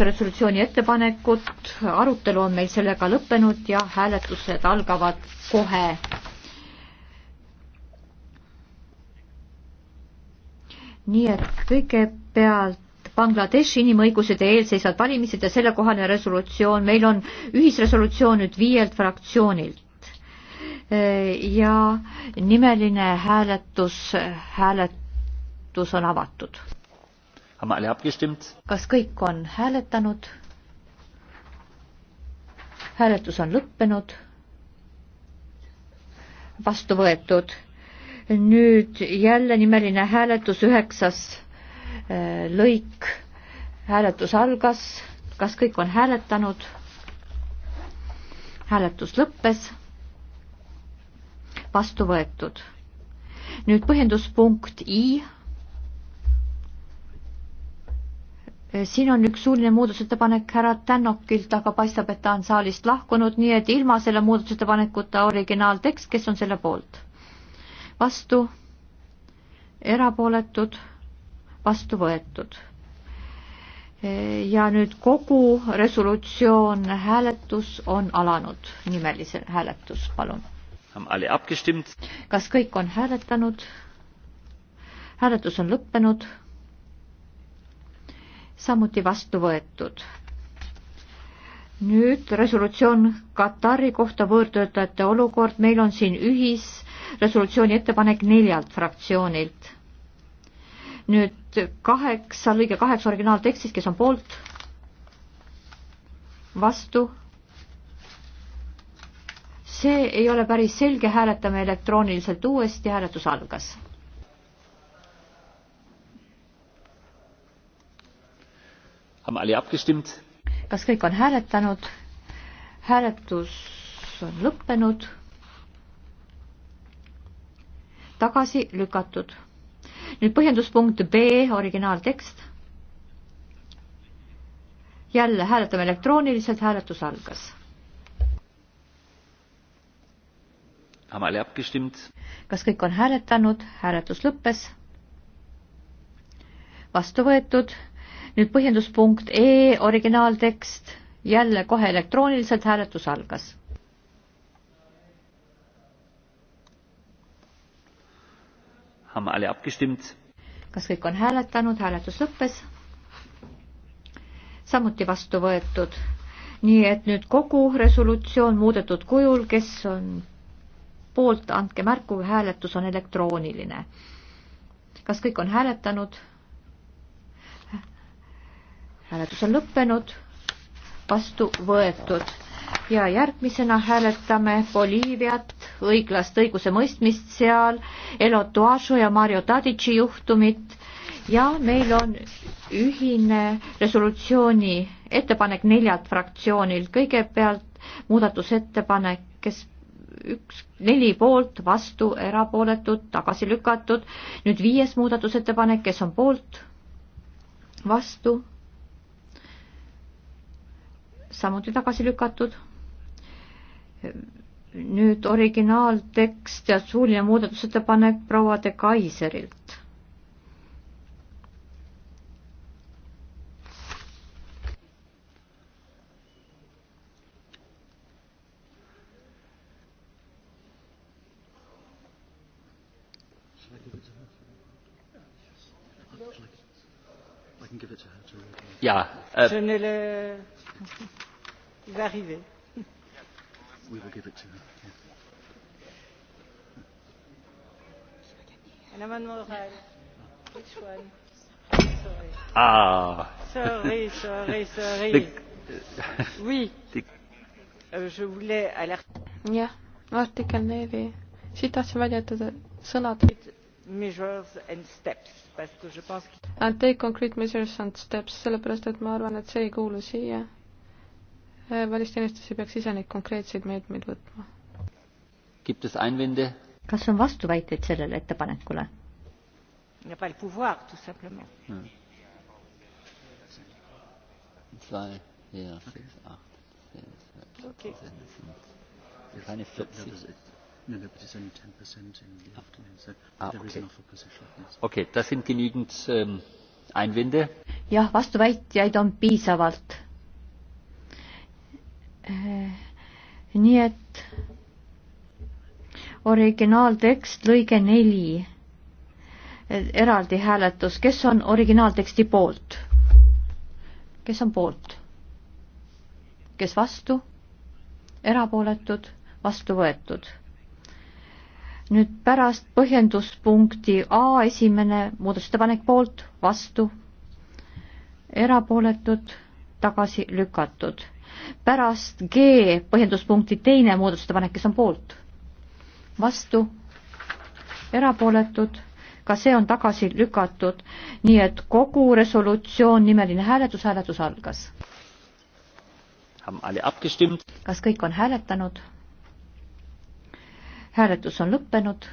kaks resolutsiooni ettepanekut, arutelu on meil sellega lõppenud ja hääletused algavad kohe. nii et kõigepealt Bangladeshi inimõigused ja eelseisvad valimised ja sellekohane resolutsioon, meil on ühisresolutsioon nüüd viielt fraktsioonilt. ja nimeline hääletus, hääletus on avatud kas kõik on hääletanud? hääletus on lõppenud. vastu võetud. nüüd jälle nimeline hääletus, üheksas eh, lõik. hääletus algas, kas kõik on hääletanud? hääletus lõppes. vastu võetud. nüüd põhjenduspunkt I Äh, siin on üks suuline muudatusettepanek härra Tännokilt, aga paistab, et ta on saalist lahkunud, nii et ilma selle muudatusettepanekuta originaaltekst, kes on selle poolt? vastu, erapooletud, vastu võetud. Äh, ja nüüd kogu resolutsioon, hääletus on alanud, nimelise hääletus, palun. kas kõik on hääletanud? hääletus on lõppenud samuti vastu võetud. nüüd resolutsioon Katari kohta võõrtöötajate olukord, meil on siin ühisresolutsiooni ettepanek neljalt fraktsioonilt. nüüd kaheksa, lõige kaheksa originaaltekstis, kes on poolt, vastu, see ei ole päris selge, hääletame elektrooniliselt uuesti, hääletus algas kas kõik on hääletanud? hääletus on lõppenud. tagasi lükatud. nüüd põhjenduspunkt B, originaaltekst. jälle hääletame elektrooniliselt, hääletus algas. kas kõik on hääletanud? hääletus lõppes. vastu võetud nüüd põhjenduspunkt E, originaaltekst, jälle kohe elektrooniliselt hääletus algas. kas kõik on hääletanud, hääletus lõppes. samuti vastu võetud. nii et nüüd kogu resolutsioon muudetud kujul, kes on poolt, andke märku, hääletus on elektrooniline. kas kõik on hääletanud? hääletus on lõppenud, vastu võetud ja järgmisena hääletame Boliiviat, õiglast õigusemõistmist seal, Elo Toašo ja Mario Tadici juhtumit ja meil on ühine resolutsiooni ettepanek neljalt fraktsioonil, kõigepealt muudatusettepanek, kes üks, neli poolt, vastu, erapooletud, tagasi lükatud, nüüd viies muudatusettepanek, kes on poolt, vastu samuti tagasi lükatud. nüüd originaaltekst ja suuline muudatusettepanek proua de Kaiserilt. Yeah, uh, Je ne le... Il arriver. We will give it to her. Yeah. An amendment oral. Which one? Sorry. Ah. Sorry, sorry, sorry. The... oui. The... Euh, je voulais alerter. jah, artikkel neli, siit tahtsin välja jätta sõnad. And take concrete measures and steps, sellepärast et ma arvan, et see ei kuulu siia. välisteenistus ei peaks ise neid konkreetseid meetmeid võtma. kas on vastuväiteid sellele ettepanekule? Zwei, ja, sechs, acht, zehn, zwölf, dreizehn, vierzehn, fünfzehn. No, no, but it's only 10% in the afternoon, so ah, there okay. is enough opposition. Yes. Okay, das sind genügend ähm, Einwände. jah, vastuväitjaid on piisavalt. Äh, nii et originaaltekst lõige neli, eraldi hääletus, kes on originaalteksti poolt? kes on poolt? kes vastu? erapooletud, vastu võetud nüüd pärast põhjenduspunkti A esimene muudatusettepanek poolt, vastu, erapooletud, tagasi lükatud. pärast G põhjenduspunkti teine muudatusettepanek, kes on poolt, vastu, erapooletud, ka see on tagasi lükatud, nii et kogu resolutsioon, nimeline hääletus, hääletus algas. kas kõik on hääletanud? hääletus on lõppenud,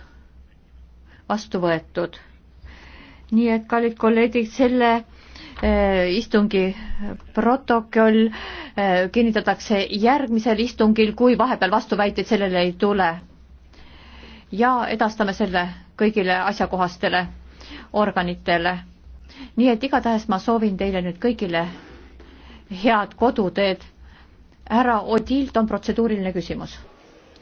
vastu võetud. nii et, kallid kolleegid, selle eh, istungi protokoll eh, kinnitatakse järgmisel istungil, kui vahepeal vastuväiteid sellele ei tule. ja edastame selle kõigile asjakohastele organitele. nii et igatahes ma soovin teile nüüd kõigile head koduteed. härra Odilt on protseduuriline küsimus